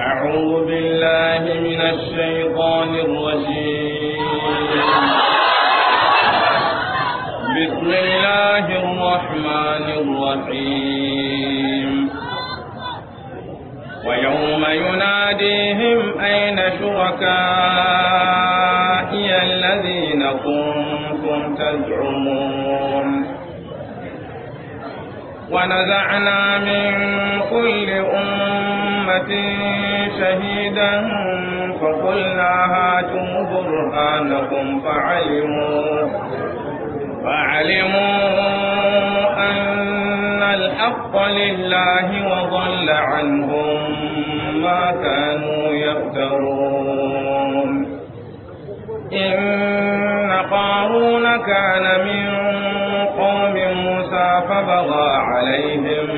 أعوذ بالله من الشيطان الرجيم بسم الله الرحمن الرحيم ويوم يناديهم أين شركائي الذين كنتم تزعمون ونزعنا من كل أمة أمة شهيدا فقلنا هاتوا برهانكم فعلموا فعلموا أن الحق لله وضل عنهم ما كانوا يفترون إن قارون كان من قوم موسى فبغى عليهم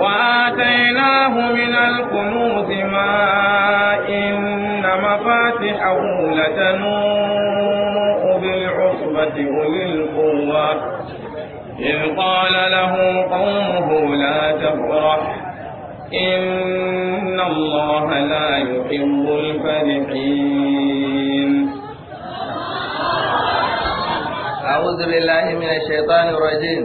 وآتيناه من الكنوز ما إن مفاتحه لتنوء بالعصبة أولي القوة إذ قال له قومه لا تفرح إن الله لا يحب الفرحين أعوذ بالله من الشيطان الرجيم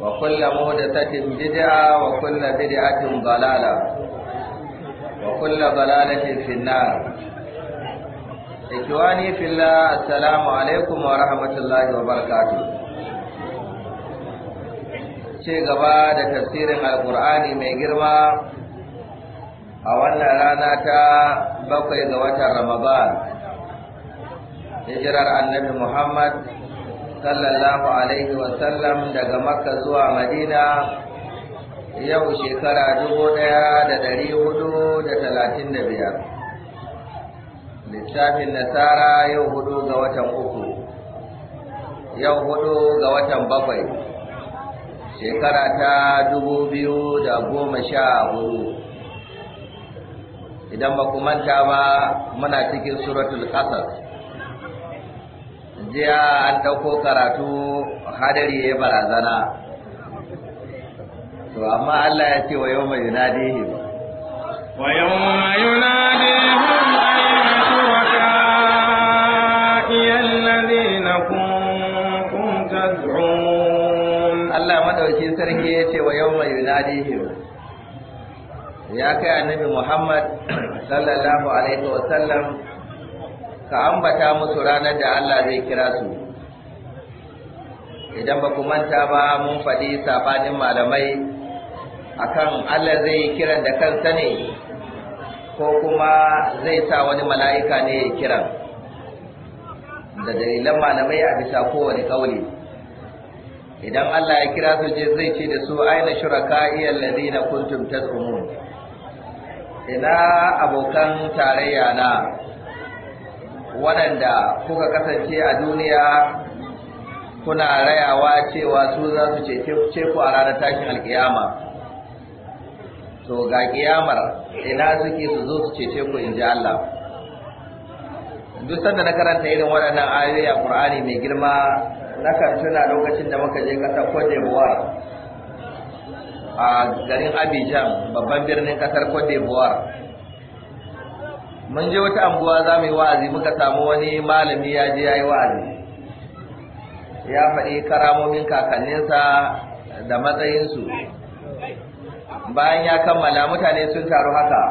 وكل مهدثة بدعة وكل بدعة ضلالة وكل ضلالة في النار إخواني في الله alaikum wa rahmatullahi wa وبركاته ce gaba da tafsirin alkur'ani mai girma a wannan rana ta bakwai ga watan ramadan hijirar annabi muhammad sallallahu alaihi wasallam daga makka zuwa madina yau shekara dubu ɗaya da dari hudu da talatin da biyar littafin nasara yau hudu ga watan uku yau hudu ga watan bakwai shekara ta dubu biyu da goma sha hudu idan ba ku manta ba muna cikin suratul qasas jiya an ɗauko karatu hadari ya barazana to amma Allah ya ce wa yau mai yunadihim wa yau mai yunadihim ayyatu wa ka'iyal ladina kuntum tad'un Allah madauki sarki ya ce wa yau mai yunadihim ya kai annabi Muhammad sallallahu alaihi wa sallam ka ambata musu ranar da Allah zai kira su idan ba ku manta ba mun faɗi sabanin malamai akan Allah zai kiran da kansa ne ko kuma zai sa wani mala'ika ne ya kiran da dalilan malamai a bisa kowane kauli idan Allah ya kira su je zai ce da su aina shuraka iyal ladina kuntum tad'umun ina abokan tarayya na waɗanda kuka kasance a duniya kuna rayawa cewa su za su ce ku a ranar tashin alkiyama to ga kiyamar ina suke su zo su cece ku in ji Allah duk sanda na karanta irin waɗannan ayoyi a Qur'ani mai girma na tuna lokacin da muka je ƙasar Cote d'Ivoire a garin Abidjan babban birnin ƙasar Cote d'Ivoire mun je wata anguwa za mu yi wa'azi muka samu wani malami ya je ya yi wa'azi ya faɗi karamomin kakanninsa da matsayinsu bayan ya kammala mutane sun taru haka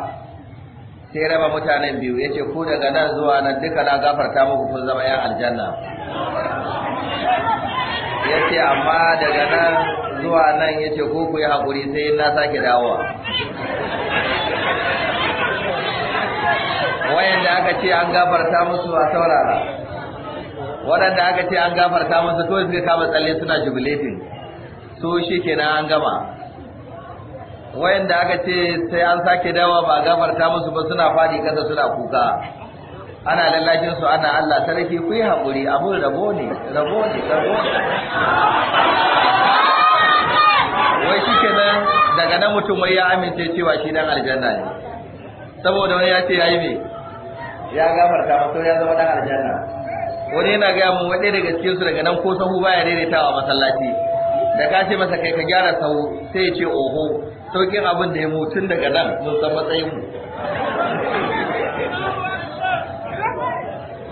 sai raba mutanen biyu ya ce ku daga nan zuwa nan duka na gafarta muku kun zama yan aljanna ya ce amma daga nan zuwa nan ya ce ku ku yi haƙuri sai na sake dawowa wayanda aka ce an gafarta musu a saurara waɗanda aka ce an gafarta musu kawai suka kama tsalle suna jubilating su shi kenan an gama wayanda aka ce sai an sake dawa ba gafarta musu ba suna fadi kasa suna kuka ana lallashin su ana Allah sarki ku yi haƙuri abun rabo ne rabo ne rabo ne wai shi kenan daga nan mutum wai ya amince cewa shi dan aljanna ne saboda wani ya ce ya yi ne ya gafarta masu ya zama dan aljanna wani yana gaya mu wani daga cikin su daga nan ko sahu baya daidaitawa masallaci da ka ce masa kai ka gyara sahu sai ya ce oho saukin abin da ya mutun daga nan mun san matsayin mu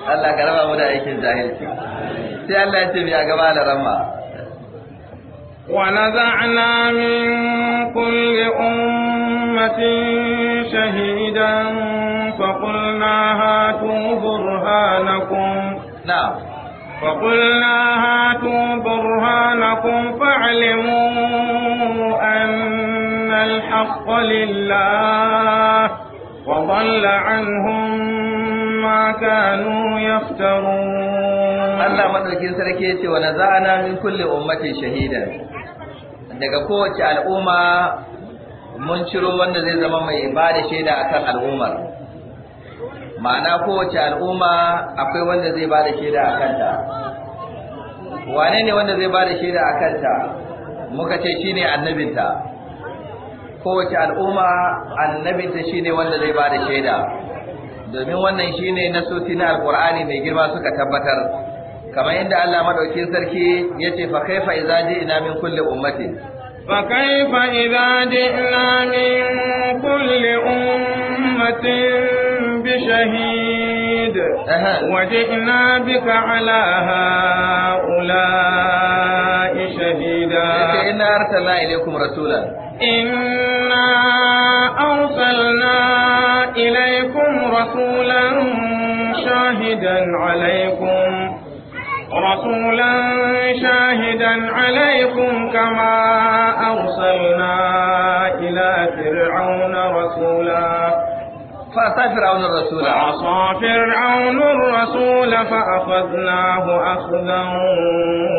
Allah ka raba mu da aikin jahilci sai Allah ya ce ya gaba da ramma ونزعنا من كل أمة أمة شهيدا فقلنا هاتوا برهانكم نعم فقلنا هاتوا برهانكم فاعلموا أن الحق لله وضل عنهم ما كانوا يفترون الله مدركين سركيتي ونزعنا من كل أمة شهيدا daga kowace al'umma mun ciro wanda zai zama mai ba da shaida kan al'ummar ma'ana kowace al'umma akwai wanda zai ba da shaida a kanta wane ne wanda zai ba da shaida a kanta muka ce shi ne annabinta kowace al'umma annabinta shi ne wanda zai ba da shaida domin wannan shi ne na na alkur'ani mai girma suka tabbatar kamar yadda Allah madaukin sarki ya ce fa fa'iza ji ina min kulle ummatin فكيف إذا جئنا من كل أمة بشهيد وجئنا بك على هؤلاء شهيدا إنا أرسلنا إليكم رسولا إنا أرسلنا إليكم رسولا شاهدا عليكم رسولا شاهدا عليكم كما أرسلنا إلى فرعون رسولا فأتى فرعون الرسول فعصى فرعون الرسول فأخذناه أخذا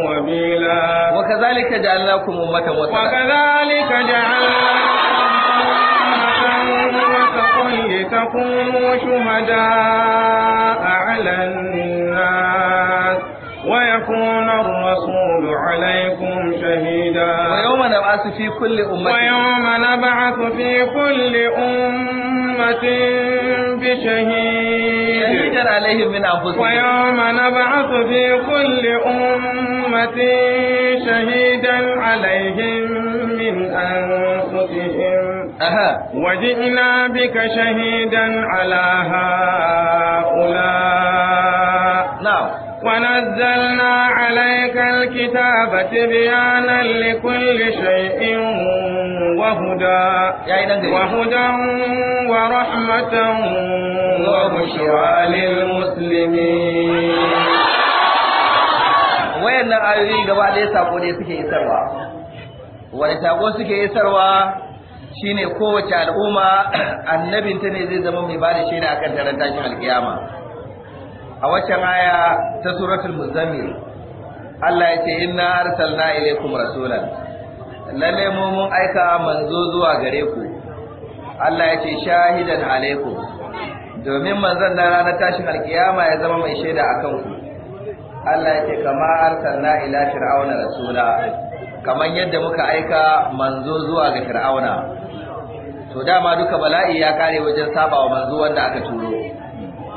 وبيلا وكذلك جعلناكم أمة وسطا وكذلك جعلناكم أمة وسطا لتكونوا شهداء على الناس ويكون الرسول عليكم شهيدا ويوم نبعث في كل أمة ويوم نبعث في كل أمة بشهيد شهيدا عليهم من أنفسهم ويوم نبعث في كل أمة شهيدا عليهم من أنفسهم أها وجئنا بك شهيدا على هؤلاء نعم ونزلنا عليك الكتاب تبيانا لكل شيء وهدى وهدى ورحمة وبشرى للمسلمين wayannan gaba ɗaya sako ne suke isarwa wani sako suke isarwa shine kowace al'umma annabinta ne zai zama mai ba da shaida akan taron tashin alkiyama a waccan aya ta suratul muzammil Allah ya ce inna arsalna ilaykum rasulan lalle mu mun aika manzo zuwa gare ku Allah ya ce shahidan alaykum domin manzon da ranar tashin alkiyama ya zama mai shaida akan ku Allah ya ce kama arsalna ila fir'auna rasula kaman yadda muka aika manzo zuwa ga fir'auna to dama duka bala'i ya kare wajen saba wa manzo wanda aka turo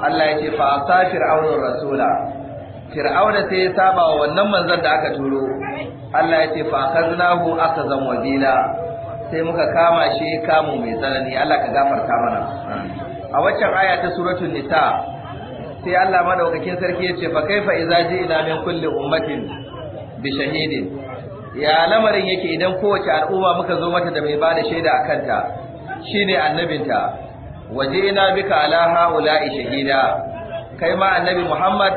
Allah ya ce fa asa fir'aunur rasula fir'auna sai ya saba wa wannan manzon da aka turo Allah ya ce fa akaznahu akazan wazila sai muka kama shi kamu mai tsanani Allah ka gafarta mana a waccan aya ta suratul nisa sai Allah madaukakin sarki ya ce fa kaifa idza ji'na min kulli ummatin bi shahidin ya lamarin yake idan kowace al'umma muka zo mata da mai bada shaida a kanta shine annabinta wajena bika ala haula'i shahida kai ma annabi Muhammad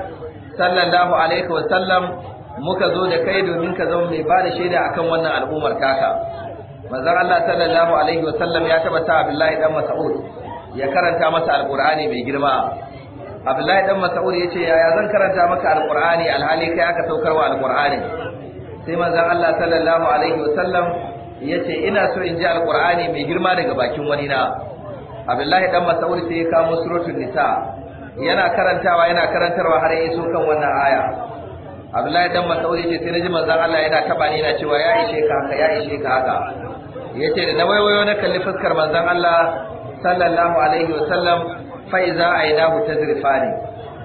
sallallahu alaihi wa muka zo da kai domin ka zama mai ba da shaida akan wannan al'ummar kaka manzon Allah sallallahu alaihi wa sallam ya taba ta Abdullahi dan Mas'ud ya karanta masa alqur'ani mai girma Abdullahi dan Mas'ud yace yaya zan karanta maka alqur'ani alhali kai aka saukarwa alqur'ani sai manzon Allah sallallahu alaihi wa sallam yace ina so in ji alqur'ani mai girma daga bakin wani na abdullahi dan mas'ud sai ya kawo suratul nisa yana karantawa yana karantarwa har yayi sokan kan wannan aya abdullahi dan mas'ud yace sai naji manzon Allah yana taba ni yana cewa ya ishe ka haka ya ishe ka haka yace da na wayoyo na kalli fuskar manzon Allah sallallahu alaihi wasallam fa iza aidahu tazrifani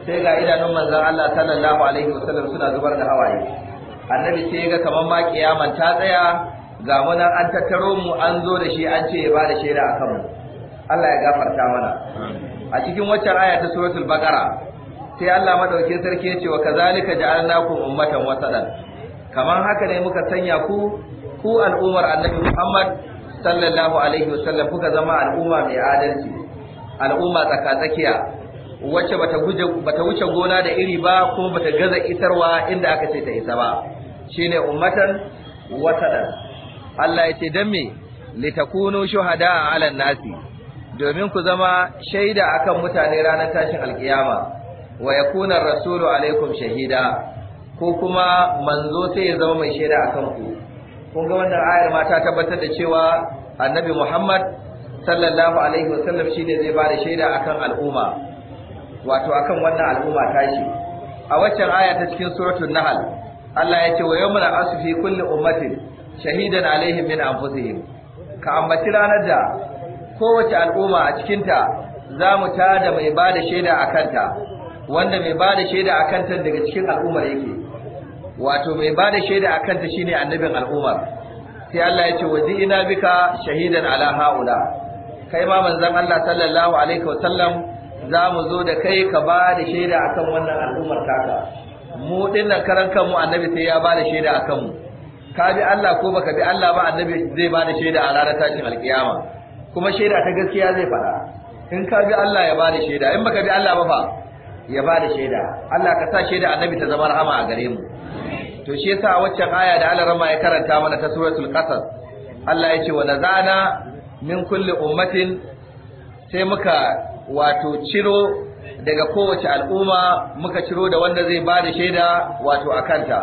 sai ga idanun manzon Allah sallallahu alaihi wasallam suna zubar da hawaye annabi sai ga kaman ma kiyaman ta tsaya ga mu an tattaro mu an zo da shi an ce ya ba da shaida akan mu Allah ya gafarta mana a cikin waccan aya ta suratul baqara sai Allah madaukakin sarki ya ce wa kazalika ja'alnakum ummatan wasatan kaman haka ne muka sanya ku ku al'ummar annabi Muhammad sallallahu alaihi wasallam kuka zama al'umma mai adalci al'umma tsakatsakiya wacce bata guje bata wuce gona da iri ba kuma bata gaza isarwa inda aka ce ta isa ba shine ummatan wasatan Allah ya ce dan me litakunu shuhada 'alan nasi domin ku zama shaida akan mutane ranar tashin alkiyama wa yakuna rasulu alaikum shahida ko kuma manzo sai ya zama mai shaida akan ku kun ga wannan ayar ma ta tabbatar da cewa annabi Muhammad sallallahu alaihi wasallam shine zai bada shaida akan al'umma wato akan wannan al'umma tashi a waccan aya ta cikin suratul nahl Allah ya ce wa yawmal asfi kulli ummatin shahidan alaihim min anfusihim ka ambaci ranar da kowace al'umma a cikinta za mu tada mai ba da shaida a kanta wanda mai ba da shaida a kanta daga cikin al'ummar yake wato mai ba da shaida a kanta shine annabin al'ummar sai Allah ya ce waje ina bika shahidan ala haula kai ma manzon Allah sallallahu alaihi wa sallam za mu zo da kai ka ba da shaida akan wannan al'ummar taka mu dinnan karan kanmu annabi sai ya ba da shaida akan mu ka bi Allah ko baka bi Allah ba annabi zai ba da shaida a ranar tashin alkiyama kuma shaida ta gaskiya zai faɗa in ka bi Allah ya bada shaida in baka bi Allah ba fa ya bada shaida Allah ka sa shaida annabi ta zama rahama a gare mu to shi yasa waccan aya da Allah rama ya karanta mana ta suratul qasas Allah ya ce wa nazana min kulli ummatin sai muka wato ciro daga kowace al'umma muka ciro da wanda zai bada shaida wato akanta.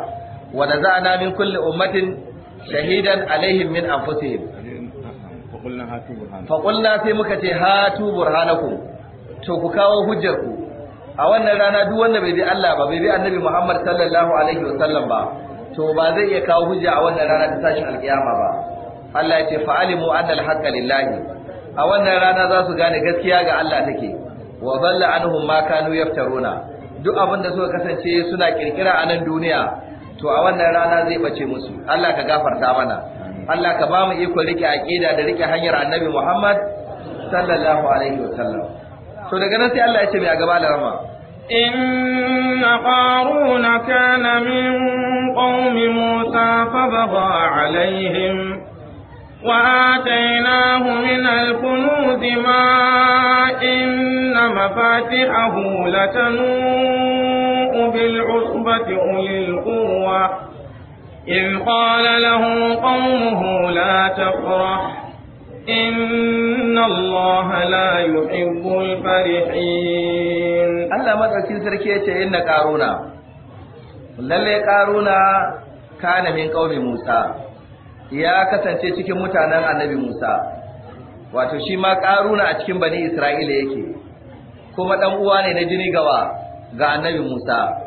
kanta, wadda min kulle ummatin shahidan alaihim min anfusihim فقلنا هاتوا برهانكم فقلنا sai muka ce hatu burhanakum to kawo a wannan rana duk wanda bai bi Allah ba bai bi Annabi Muhammad sallallahu alaihi wasallam ba to ba zai iya kawo hujja a wannan rana ta tashin alkiyama ba Allah ya ce fa'alimu anna alhaqqa lillahi a wannan rana za su gane gaskiya ga Allah take wa dhalla anhum ma kanu yaftaruna duk abin da suka kasance suna kirkira a nan duniya to a wannan rana zai bace musu Allah ka gafarta mana Allah ka ba mu iko rike aqida da rike hanyar Annabi Muhammad sallallahu alaihi wa sallam to daga nan sai Allah ya ce mai a gaba da rama إن قارون كان من قوم موسى فبغى عليهم وآتيناه من الكنوز ما إن مفاتحه لتنوء بالعصبة أولي القوة إذ قال له قومه لا تفرح إن الله لا يحب الفرحين الله ما تكين تركية إن قارونا lalle ƙaruna kana min ƙaumi Musa ya kasance cikin mutanen annabi Musa wato shi ma ƙaruna a cikin bani Isra'ila yake kuma ɗan uwa ne na jini gawa ga annabi Musa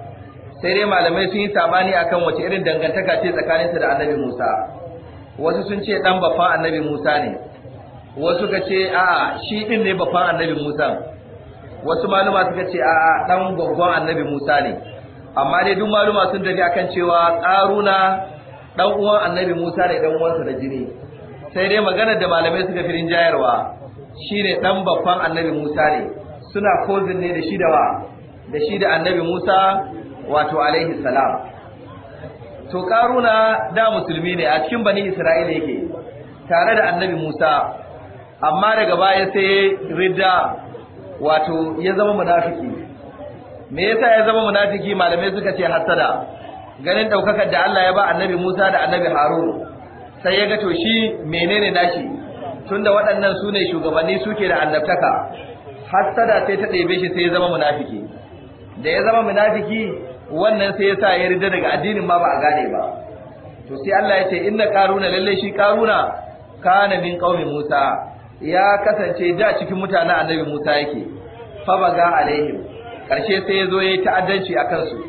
sai dai malamai sun yi sabani akan wace irin dangantaka ce tsakaninsa da annabi Musa wasu sun ce dan bafan annabi Musa ne wasu ka ce a'a shi din ne bafan annabi Musa wasu maluma suka ce a'a dan gwaggon annabi Musa ne amma dai duk maluma sun tafi akan cewa karuna dan uwan annabi Musa ne dan uwansa da jini sai dai maganar da malamai suka firin jayarwa shine dan bafan annabi Musa ne suna kozin ne da shi da wa da shi da annabi Musa wato alaihi salam to karuna da musulmi ne a cikin bani isra'ila yake tare da annabi musa amma daga baya sai ridda wato ya zama munafiki me yasa ya zama munafiki malamai suka ce hasada ganin daukakar da Allah ya ba annabi musa da annabi harun sai ya ga to shi menene nashi tunda waɗannan su ne shugabanni suke da annabtaka hasada sai ta ɗebe shi sai ya zama munafiki da ya zama munafiki wannan sai yasa ya rida daga addinin ma ba a gane ba to sai Allah ya ce inna karuna lalle shi karuna kana min qaumi Musa ya kasance da cikin mutanen annabi Musa yake fa baga alaihim karshe sai ya zo ya yi ta'addanci a su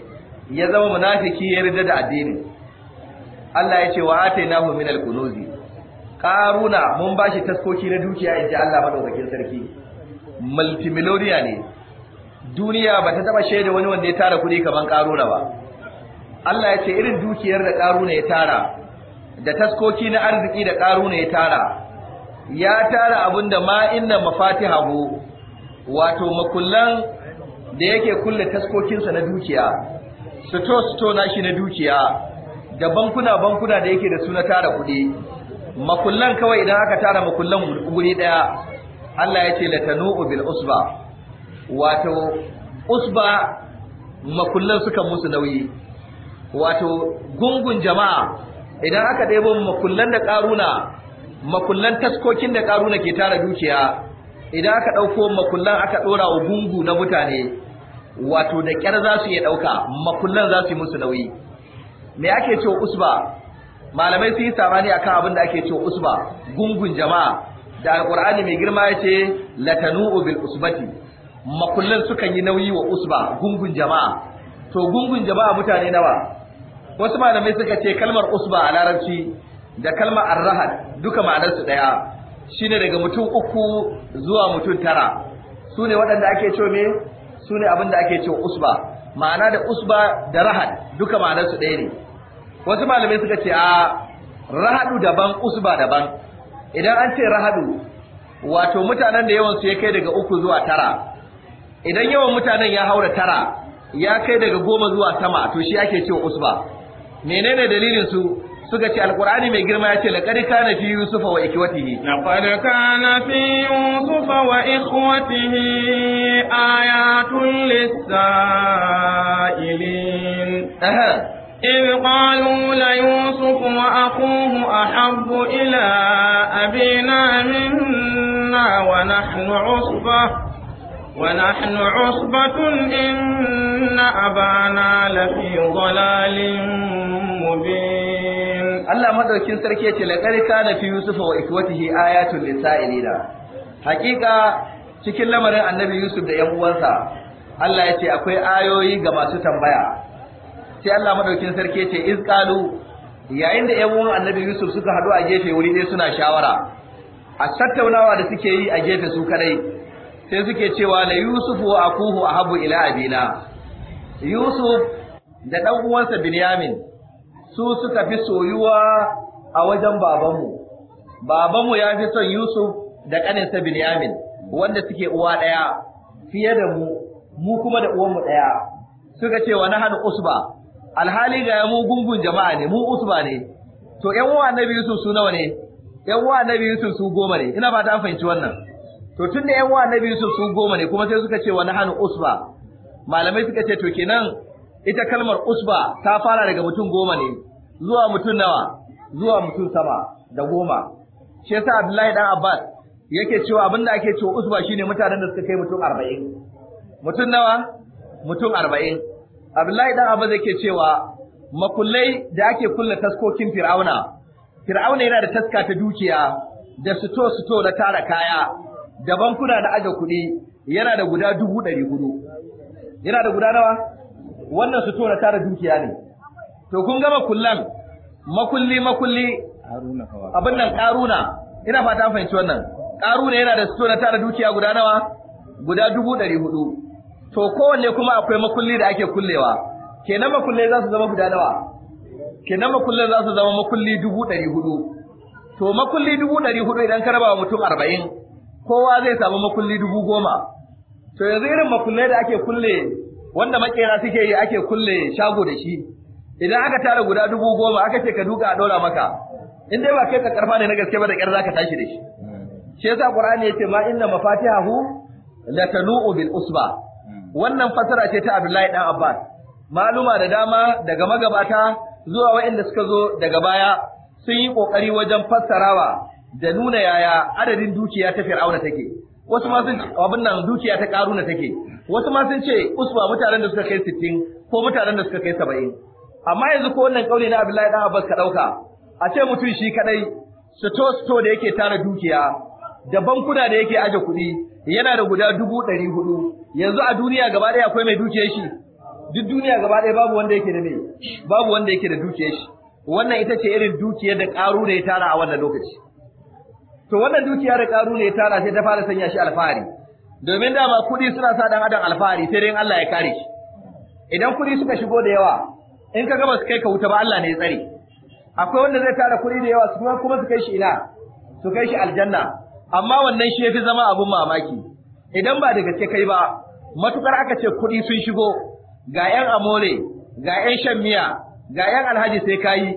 ya zama munafiki ya rida da addinin Allah ya ce wa atainahu min al karuna mun bashi taskoki na dukiya inji Allah madaukakin sarki multimillionaire ne duniya ba ta taba shaida wani wanda ya tara kuɗi kaman ƙaruna ba Allah ya ce irin dukiyar da ƙaruna ya tara da taskoki na arziki da ƙaruna ya tara ya tara abin da ma inna mafatihahu wato makullan da yake kulle taskokinsa na dukiya sito sito nashi na dukiya da bankuna bankuna da yake da su na tara kuɗi makullan kawai idan aka tara makullan guri ɗaya. Allah ya ce latanu'u bil usba wato usba makullan suka musu nauyi wato gungun jama'a idan aka ɗebo makullan da ƙaruna makullan taskokin da ƙaruna ke tara dukiya idan aka ɗauko makullan aka ɗora wa gungu na mutane wato da ƙyar za su iya ɗauka makullan za su yi musu nauyi me ake cewa usba malamai sun yi samani akan abin da ake cewa usba gungun jama'a da alƙur'ani mai girma ya ce latanu'u bil usbati makullan sukan yi nauyi wa usba gungun jama'a to gungun jama'a mutane nawa wasu malamai suka ce kalmar usba a larabci da kalmar arrahad duka ma'anar su ɗaya shine daga mutum uku zuwa mutum tara su ne waɗanda ake ce me su ne abin da ake ce usba ma'ana da usba da rahad duka ma'anar su ɗaya ne wasu malamai suka ce a rahadu daban usba daban idan an ce rahadu wato mutanen da yawan su ya kai daga uku zuwa tara idan yawan mutanen ya haura tara ya kai daga goma zuwa sama to shi ake cewa usba menene dalilin su suka ce alkur'ani mai girma ya ce laqad kana fi yusufa wa ikhwatihi laqad kana fi yusufa wa ikhwatihi ayatun lis-sa'ilin إذ قالوا ليوسف وأخوه أحب إلى أبينا منا ونحن عصبة ونحن عصبة إن أبانا لفي ضلال مبين الله مدركين سركية لقد كان في يوسف وإخوته آيات للسائلين حقيقة cikin lamarin annabi Yusuf da ‘yan uwansa, Allah ya ce akwai ayoyi ga masu tambaya, sai Allah madaukin sarki ce izkalu yayin da ‘yan uwan annabi Yusuf suka haɗu a gefe wuri ɗaya suna shawara, a tattaunawa da suke yi a gefe su kadai, sai suke cewa la yusufu wa akuhu ahabu ila abina yusuf da dan uwansa binyamin su suka fi soyuwa a wajen babanmu babanmu ya fi son yusuf da kaninsa binyamin wanda suke uwa daya fiye da mu mu kuma da mu daya suka ce wa nahnu usba alhali ga mu gungun jama'a ne mu usba ne to ƴan uwa Nabi yusuf su nawa ne ƴan uwa Nabi yusuf su goma ne ina fata an fahimci wannan to tun da yan uwa annabi Yusuf su goma ne kuma sai suka ce wa nahanu usba malamai suka ce to kenan ita kalmar usba ta fara daga mutum goma ne zuwa mutum nawa zuwa mutum sama da goma shi yasa Abdullahi dan Abbas yake cewa abinda ake cewa usba shine mutanen da suka kai mutum 40 mutum nawa mutum 40 Abdullahi dan Abbas yake cewa makullai da ake kulle taskokin Fir'auna Fir'auna yana da taska ta dukiya da suto suto na tara kaya da bankuna da aje kuɗi yana da guda dubu ɗari hudu. Yana da guda nawa? Wannan su tona tara dukiya ne. To kun gama kullan makulli makulli abin nan ƙaruna ina fata fahimci wannan. Ƙaruna yana da su tona tara dukiya guda nawa? Guda dubu ɗari hudu. To kowanne kuma akwai makulli da ake kullewa. Kenan makulli za su zama guda nawa? Kenan makulli za su zama makulli dubu ɗari hudu. To makulli dubu ɗari hudu idan ka raba wa mutum arba'in kowa zai samu makulli dubu goma to yanzu irin makullai da ake kulle wanda makera suke yi ake kulle shago da shi idan aka tara guda dubu goma aka ce ka duka a ɗora maka in dai ba kai ka ne na gaske ba da ƙyar ka tashi da shi shi yasa ya ce ma inna mafatihahu latanu'u bil usba wannan fasara ce ta Abdullahi dan Abbas maluma da dama daga magabata zuwa waɗanda suka zo daga baya sun yi kokari wajen fassarawa da nuna yaya adadin dukiya ta fir'auna take wasu ma sun abin nan dukiya ta karuna take wasu ma sun ce usba mutanen da suka kai 60 ko mutanen da suka kai 70 amma yanzu ko wannan kauli na Abdullahi dan Abbas ka dauka a ce mutum shi kadai sito sito da yake tara dukiya da bankuna da yake aje kuɗi yana da guda dubu ɗari hudu yanzu a duniya gaba ɗaya akwai mai dukiyar shi duk duniya gaba ɗaya babu wanda yake da ne babu wanda yake da dukiyar shi wannan ita ce irin dukiyar da ƙaru da ya tara a wannan lokaci To wannan dukiya da karu ne tara sai ta fara sanya shi alfahari. Domin da ba kuɗi suna sa ɗan adam alfahari sai dai Allah ya kare shi. Idan kuɗi suka shigo da yawa, in ka gaba su kai ka wuta ba Allah ne ya tsare. Akwai wanda zai tara kuɗi da yawa su kuma su kai shi ina, su kai shi aljanna. Amma wannan shi ya fi zama abun mamaki. Idan ba da gaske kai ba, matukar aka ce kuɗi sun shigo, ga 'yan amore, ga 'yan shan miya, ga 'yan alhaji sai kayi,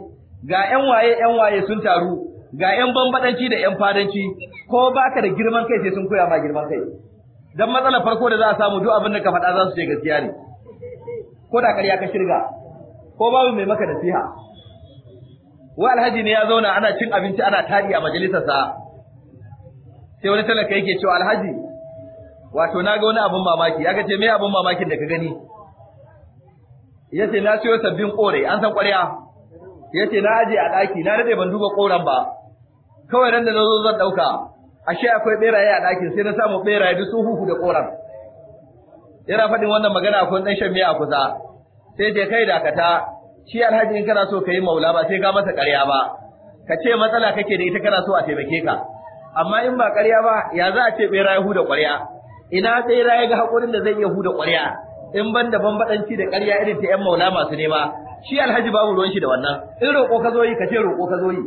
ga 'yan waye 'yan waye sun taru, ga ƴan bambadanci da ƴan fadanci ko baka da girman kai sai sun koya ma girman kai dan matsalar farko da za a samu duk abin da ka faɗa za su je gaskiya ne ko da ƙarya ka shirga ko babu mai maka nasiha Wa alhaji ne ya zauna ana cin abinci ana tari a majalisarsa sai wani talaka yake cewa alhaji wato na ga wani abin mamaki aka ce me abin mamakin da ka gani ya ce na siyo sabbin kore an san ƙwarya ya ce na aje a ɗaki na daɗe ban duba ƙoran ba kawai nan da na zo zan ɗauka ashe akwai ɓeraye a ɗakin sai na samu ɓeraye duk sun huhu da ƙoran yana faɗin wannan magana akwai ɗan shan miya a kusa sai je kai dakata shi alhaji in kana so ka yi maula ba sai ka masa ƙarya ba ka ce matsala kake da ita kana so a taimake ka amma in ba ƙarya ba ya za a ce ɓeraye huda ƙwarya ina ɓeraye ga haƙurin da zai iya huda ƙwarya in ban da bambaɗanci da ƙarya irin ta 'yan maula masu nema shi alhaji babu ruwan shi da wannan in roƙo ka zo yi ka ce roƙo ka zo yi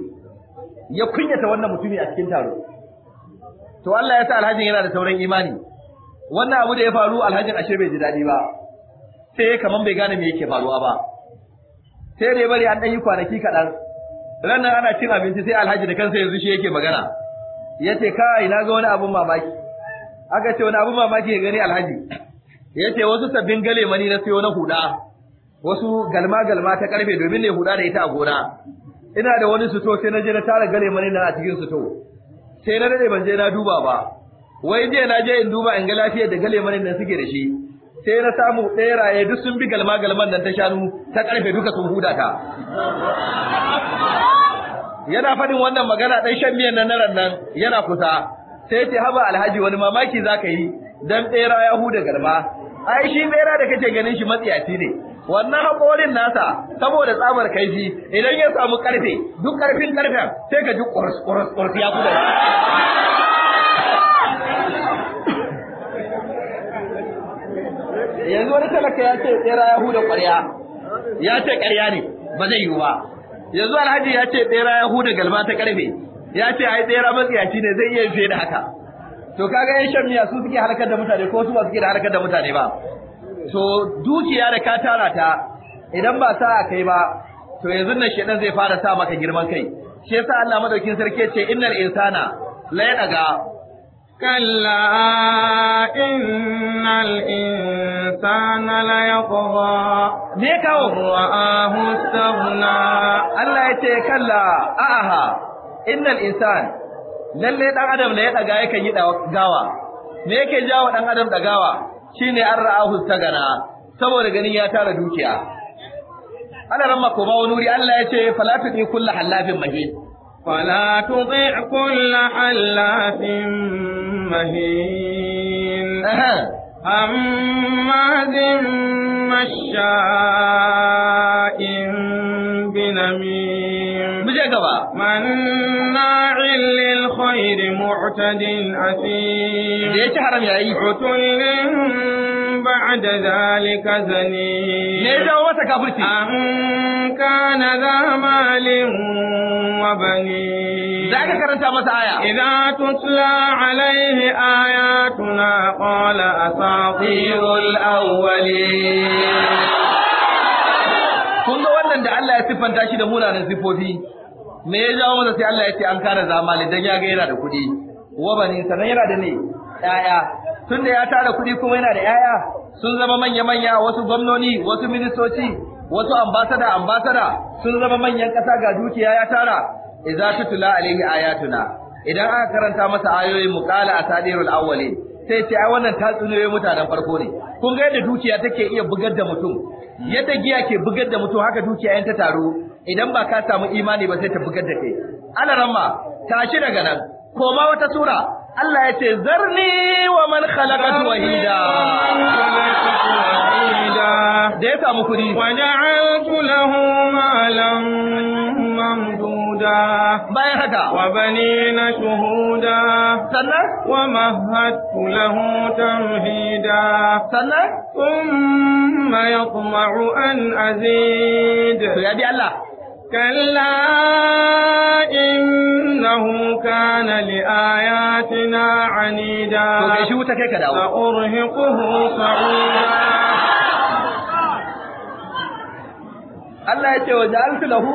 ya kunyata wannan mutumi a cikin taro to Allah ya sa Alhaji yana da sauran imani wannan abu da ya faru Alhaji ashe bai ji dadi ba sai kaman bai gane me yake faruwa ba sai dai bari an ɗan yi kwanaki kaɗan ranar ana cin abinci sai alhaji da kansa yanzu shi yake magana ya ce kai na ga wani abun mamaki aka ce wani abun mamaki ya gani alhaji ya ce wasu sabbin gale galemani na siyo na huda wasu galma-galma ta karfe domin ne huda da ita a gona ina da wani suto sai na je na tara gare mani na a cikin suto sai na dade ban je na duba ba wai je na je in duba in ga lafiyar da gare mani nan suke da shi sai na samu ɗeraye duk sun bi galma galman nan ta shanu ta karfe duka sun huda ta yana faɗin wannan magana ɗan shan miyan nan ran nan yana kusa sai ce haba alhaji wani mamaki za ka yi dan ɗera ya huda galma ai shi ɗera da kake ganin shi matsiyaci ne wannan haƙorin nasa saboda tsabar kaifi idan ya samu ƙarfe duk ƙarfin ƙarfen sai ka ji ƙuras ƙuras ƙuras ya kuɗa yanzu wani talaka ya ce tsera ya huda ƙwarya ya ce ƙarya ne ba zai yiwu ba yanzu alhaji ya ce tsera ya huda galma ta ƙarfe ya ce ai tsera matsiyaci ne zai iya fiye da haka to kaga yan shan miya su suke halakar da mutane ko su ba suke da halakar da mutane ba to dukiya da ka tara ta idan ba sa kai ba to yanzu nan shedan zai fara sa maka girman kai shi yasa Allah madaukin sarki ya ce innal insana la yadaga كلا إن الإنسان ليطغى ديكو رآه استغنى الله يتي innal insan lalle dan adam ne ya daga يدغى yi gawa, me yake jawo dan adam dagawa ne an ra'ahu gana saboda ganin ya tara dukiya ana ramma ko wani wuri Allah ya ce fala tudi kullu halafin mahin fala tudi kullu halafin mahin هماز مشاء بنميم مناع للخير معتد أثيم عتل بعد ذلك زنين أن كان ذا مال وبنين إذا تتلى عليه آياتنا قال أساطير الأولين kun ga wannan da Allah ya siffanta shi da munanan sifofi me ya jawo masa sai Allah ya ce an kara zamali dan ya ga yana da kuɗi wa bani sanan yana da ne ƴaƴa Tun da ya tara kuɗi kuma yana da yaya sun zama manya-manya wasu gwamnoni wasu ministoci wasu ambasada ambasada sun zama manyan ƙasa ga dukiya ya tara idza tutla alaihi ayatuna idan aka karanta masa ayoyin muqala asadirul awwalin sai ce ai wannan tatsuniyoyin mutanen farko ne kun ga yadda dukiya take iya bugar da mutum yadda giya ke bugar da mutum haka dukiya yan ta taru idan ba ka samu imani ba sai ta bugar da kai alaramma tashi daga nan koma wata sura Allah ya ce zarni wa man khalaqatu wahida da ya samu kudi wa ja'altu lahu malan mamduda bayan haka wa banina shuhuda sannan wa mahattu lahu tamhida sannan thumma yatma'u an azid to ya bi Allah كلا إنه كان لآياتنا عنيدا سأرهقه صعودا Allah ya ce wa ja'altu lahu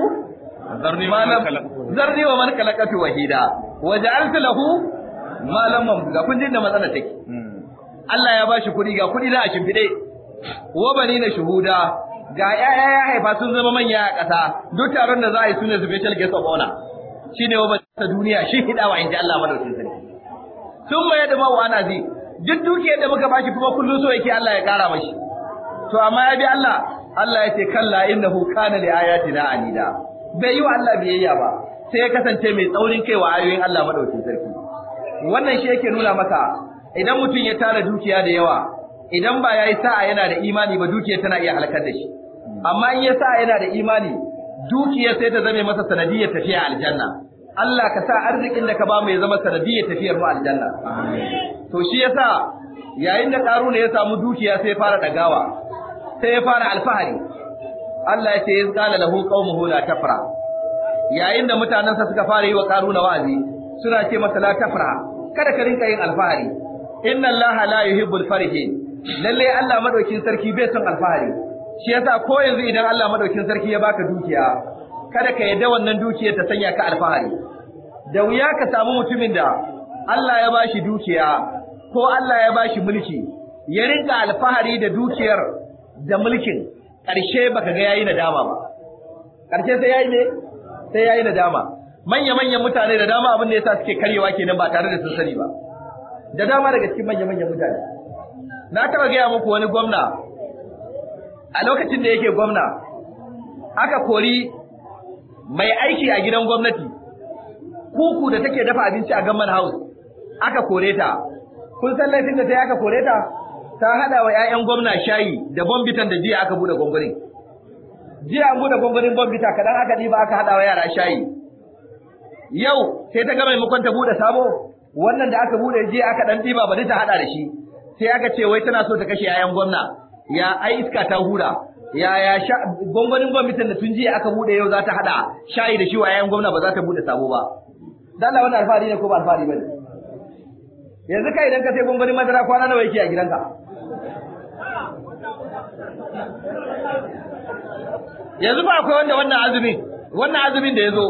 zarni wa man kalakatu wahida wa ja'altu lahu malam mamduda kun jin da matsala take hmm. Allah ya bashi kuɗi ga kuɗi za a shimfiɗe wa bani na shuhuda ga yaya ya haifa sun zama manya a ƙasa duk taron da za a yi sune special guest ƙona shi shine wa ta duniya shi hidawa ji Allah sun sarki sun mai da mawa ana zi duk dukiyar da muka bashi kuma kullum so yake Allah ya ƙara mashi to amma ya bi Allah Allah ya ce kalla innahu kana li a anida bai yi wa Allah biyayya ba sai ya kasance mai tsaurin kai wa ayoyin Allah madaukakin sarki wannan shi yake nuna maka idan mutum ya tara dukiya da yawa idan ba ya yi sa'a yana da imani ba dukiyar tana iya halakar da shi amma in ya sa'a yana da imani dukiyar sai ta zame masa sanadiyar tafiya aljanna Allah ka sa arzikin da ka ba mu ya zama sanadiyar tafiyar mu aljanna to shi ya sa yayin da Karuna ya samu dukiya sai fara ɗagawa, sai ya fara alfahari Allah ya ce ya lahu tafra yayin da mutanansa suka fara yi wa Karuna wa'azi suna ce masa la tafra kada ka rinka yin alfahari inna Allah la yuhibbul farihin lalle Allah madaukin sarki bai son alfahari shi yasa ko yanzu idan Allah madaukin sarki ya baka dukiya kada ka yadda wannan dukiyar ta sanya ka alfahari da wuya ka samu mutumin da Allah ya bashi dukiya ko Allah ya bashi mulki ya rinka alfahari da dukiyar da mulkin ƙarshe baka ga yayi nadama ba ƙarshe sai yayi ne sai yayi nadama manya manyan mutane da dama abin da yasa suke karyewa kenan ba tare da sun sani ba da dama daga cikin manya manyan mutane na taba gaya muku wani gwamna a lokacin da yake gwamna aka kori mai aiki a gidan gwamnati kuku da take dafa abinci a gamman house aka kore ta kun san laifin da ta aka kore ta ta hada wa 'ya'yan gwamna shayi da bombitan da jiya aka bude gwangwanin jiya an bude gwangwanin bombita kadan aka diba aka hada wa yara shayi yau sai ta ga maimakon ta bude sabo wannan da aka bude jiya aka dan diba bari ta hada da shi sai aka ce wai tana so ta kashe yayan gwamna ya ai iska ta hura ya ya gwangwanin gwamnatin da tun jiya aka bude yau za ta hada shayi da shi wa yayan gwamna ba za ta bude sabo ba dan Allah wannan alfahari ne ko ba alfahari bane yanzu kai idan ka sai gwangwanin madara kwana nawa yake a gidanka yanzu ba akwai wanda wannan azumin wannan azumin da ya zo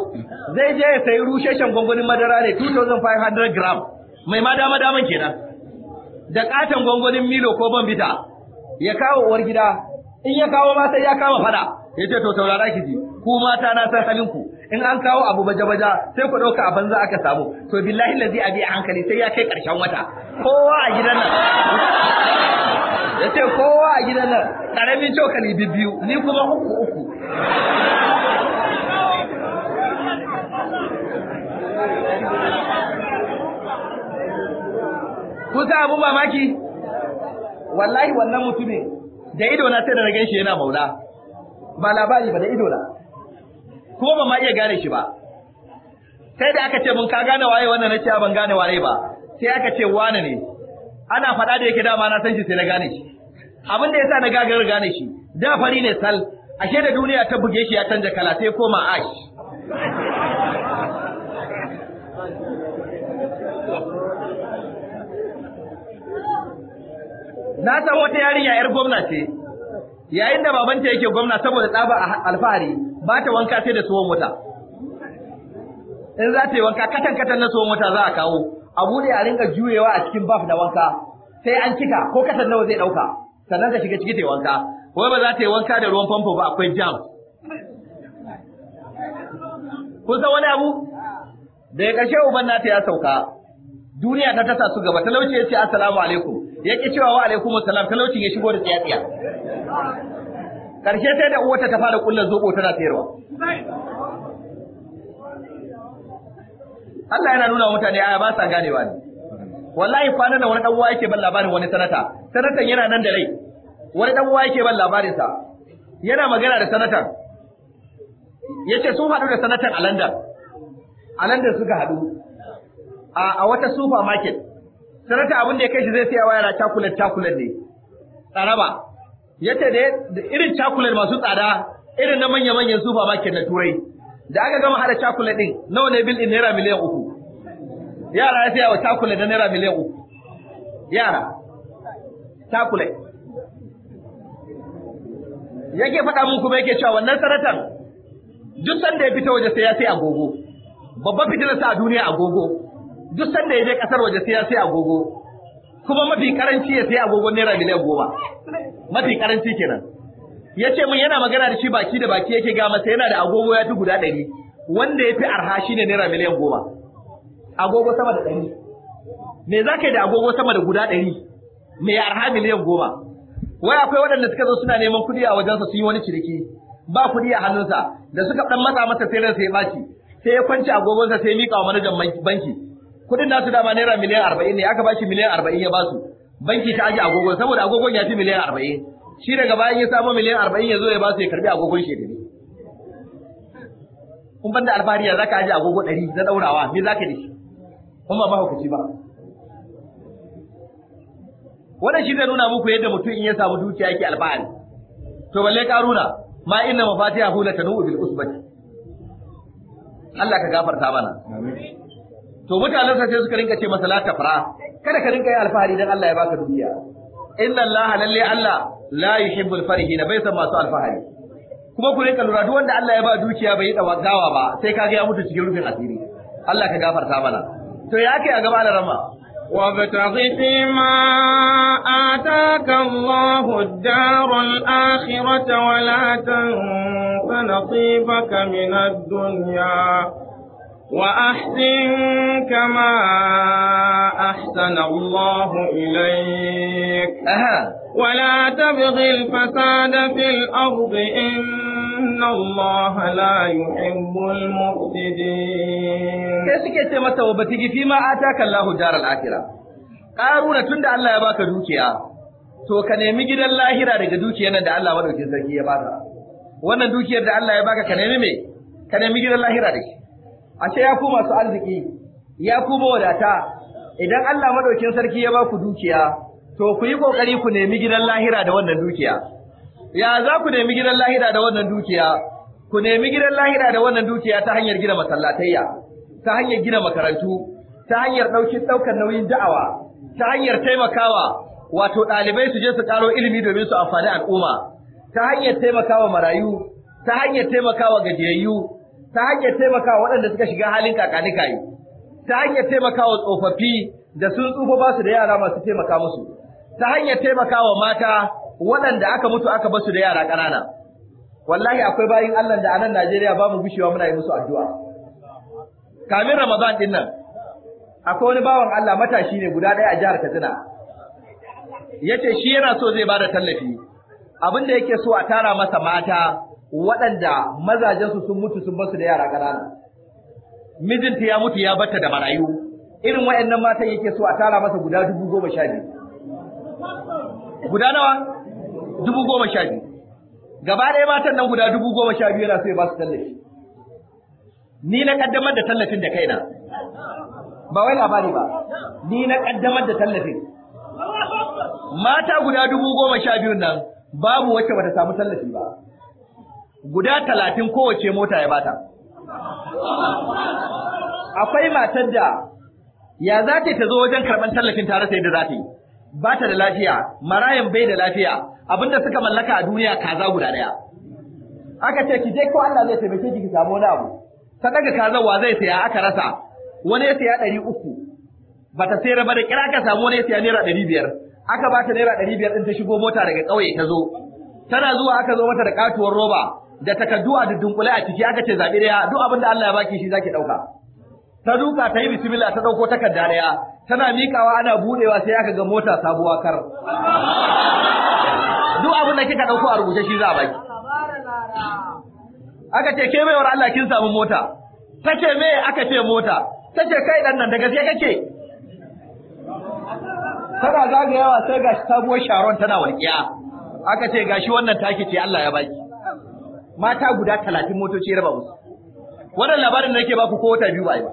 zai je ya sayi rusheshen gwangwanin madara ne 2500 gram mai madama daman kenan da katon gwangwanin milo ko ban bita ya kawo uwar gida in ya kawo ma sai ya kama fada ya ce to taurara ki ji ku mata na san halin ku in an kawo abu baja baja sai ku dauka a banza aka samu to billahi lazi abi a hankali sai ya kai karshen wata kowa a gidan nan ya ce kowa a gidan nan karamin cokali biyu ni kuma uku uku kusa abu ba maki wallahi wannan mutumin da ido na sai da na ganshi yana maula ba labari ba da ido na kuma ba ma iya gane shi ba sai da aka ce mun ka gane waye wannan cewa ban gane waye ba sai aka ce wane ne ana faɗa da yake dama na san shi sai na gane shi abin da yasa na gagarar gane shi da fari ne sal ashe da duniya ta buge shi ya canja kala sai koma ash na san wata yarinya yar gwamna ce yayin da babanta yake gwamna saboda tsaba alfahari ba ta wanka sai da tsohon wata in za ta yi wanka katan katan na tsohon wata za a kawo a bude a rinka juyewa a cikin baf da wanka sai an cika ko katan nawa zai ɗauka, sannan ka shiga ciki ta yi wanka wai ba za ta yi wanka da ruwan famfo ba akwai jam kun san wani abu da ya ƙarshe uban nata ya sauka duniya ta tasa su gaba talauci ya ce assalamu alaikum da yake cewa wa alaikum assalam talaucin ya shigo da tsiyatsiya karshe sai da uwata ta fara kullar zobo tana sayarwa Allah yana nuna wa mutane aya ba sa ganewa ne wallahi kwanan da wani dan uwa yake ban labarin wani sanata sanatan yana nan da rai wani dan uwa yake ban labarin sa yana magana da sanatan yace sun haɗu da sanatan a London a London suka haɗu a wata supermarket market sanata abin da ya kai shi zai siya wa yara cakulet cakulet ne tsaraba yace da irin cakulet masu tsada irin na manya manyan sufa market na turai da aka gama hada cakulet din nawa ne bil din naira miliyan uku yara ya siya wa cakulet na naira miliyan uku yara cakulet yake faɗa mun kuma yake cewa wannan saratan duk sanda ya fita waje sai ya sai agogo babban fitilarsa a duniya agogo duk sanda ya je kasar waje sai ya sai agogo kuma mafi karanci ya sai agogo naira miliyan goma mafi karanci kenan ya ce min yana magana da shi baki da baki yake ga masa yana da agogo ya fi guda ɗari wanda ya fi arha shi ne naira miliyan goma agogo sama da ɗari me za ka yi da agogo sama da guda ɗari me arha miliyan goma wai akwai waɗanda suka zo suna neman kuɗi a wajensa su yi wani ciniki ba kuɗi a hannunsa da suka ɗan matsa masa sai ransa ya ɓaci sai ya kwanci agogonsa sai ya miƙa wa manajan banki kuɗin nasu dama naira miliyan arba'in ne aka bashi miliyan arba'in ya basu banki ta aji agogon saboda agogon ya fi miliyan arba'in shi daga bayan ya samu miliyan arba'in ya zo ya basu ya karbi agogon shi ne kun banda albariya ya zaka aji agogo ɗari na ɗaurawa me zaka da shi kuma ba hukunci ba wannan shi zai nuna muku yadda mutum in ya samu dukiya yake alfahari to balle karuna ma inna mafatiha hula tanu'u bil usbati Allah ka gafarta mana amin to mutanen sa sai suka rinka ce masa la tafra kada ka rinka yi alfahari dan Allah ya baka duniya inna Allah lalle Allah la yuhibbul farihin bai san masu alfahari kuma ku rinka lura duk wanda Allah ya ba dukiya bai yi dawagawa ba sai kaga ya mutu cikin rufin asiri Allah ka gafarta mana to ya kai a gaba da rama وابتغ فيما آتاك الله الدار الآخرة ولا تنس نصيبك من الدنيا وأحسن كما أحسن الله إليك أها. ولا تبغ الفساد في الأرض إن الله لا يحب المفسدين كيف كيف متى وبتجي فيما آتاك الله دار الآخرة قارون تند الله يباك دوكيا to ka nemi gidan lahira daga dukiyar nan da Allah madaukin sarki ya baka wannan dukiyar da Allah ya baka ka nemi me ka nemi gidan lahira da shi ashe ya ku masu arziki ya ku wadata. idan Allah madaukin sarki ya ba ku dukiya to ku yi kokari ku nemi gidan lahira da wannan dukiya ya za ku nemi gidan lahira da wannan dukiya ku nemi gidan lahira da wannan dukiya ta hanyar gina masallatayya ta hanyar gina makarantu ta hanyar dauki daukar nauyin da'awa ta hanyar taimakawa wato ɗalibai su je su ƙaro ilimi domin su amfani al'umma ta hanyar taimakawa marayu ta hanyar taimakawa gajiyayyu ta hanyar taimaka waɗanda suka shiga halin kakanika yi ta hanyar taimaka wa tsofaffi da sun tsufa ba su da yara masu taimaka musu ta hanyar taimaka wa mata waɗanda aka mutu aka ba su da yara ƙanana wallahi akwai bayan Allah da anan Najeriya ba mu gushewa muna yi musu addu'a kamin Ramadan ɗin nan akwai wani bawan Allah matashi ne guda ɗaya a jihar Katsina yace shi yana so zai ba da tallafi abin da yake so a tara masa mata waɗanda mazajensu sun mutu sun basu da yara ƙanana mijinta ya mutu ya batta da marayu irin waɗannan matan yake so a tara masa guda dubu goma sha biyu guda nawa dubu goma sha biyu gaba ɗaya matan nan guda dubu goma sha biyu yana so ya ba su tallafi ni na ƙaddamar da tallafin da kaina ba wai labari ba ni na ƙaddamar da tallafin mata guda dubu goma sha biyun nan babu wacce bata samu tallafi ba guda talatin kowace mota ya bata. Akwai matar da ya za ta ta zo wajen karɓar tallafin tare sai da za ta yi, ba ta da lafiya, marayan bai da lafiya, abinda suka mallaka a duniya kaza guda ɗaya. Aka ce ki je ko Allah zai taimake ki ki samu wani abu. Ta daga kazan wa zai saya aka rasa, wani ya saya ɗari uku, ba ta sayar ba da kira ka samu wani ya saya naira ɗari biyar. Aka ba ta naira ɗari biyar ɗin ta shigo mota daga ƙauye ta zo. Tana zuwa aka zo mata da katuwar roba, da takardu a dudunkule a ciki aka ce zabi ɗaya duk abin da Allah ya baki shi zaki ɗauka. Ta duka ta yi bismillah ta ɗauko takarda daya tana miƙawa ana budewa sai aka ga mota sabuwa kar. Duk abin da kika ɗauko a rubuce shi za a baki. Aka ce ke baiwar Allah kin samu mota. Ta ce me aka ce mota. Ta ce kai ɗan nan da sai kake. Tana zagayawa sai gashi sabuwar sharon tana walƙiya. Aka ce gashi wannan take ce Allah ya baki. mata guda talatin motoci ya raba musu wannan labarin da ke baku ko wata biyu ba yi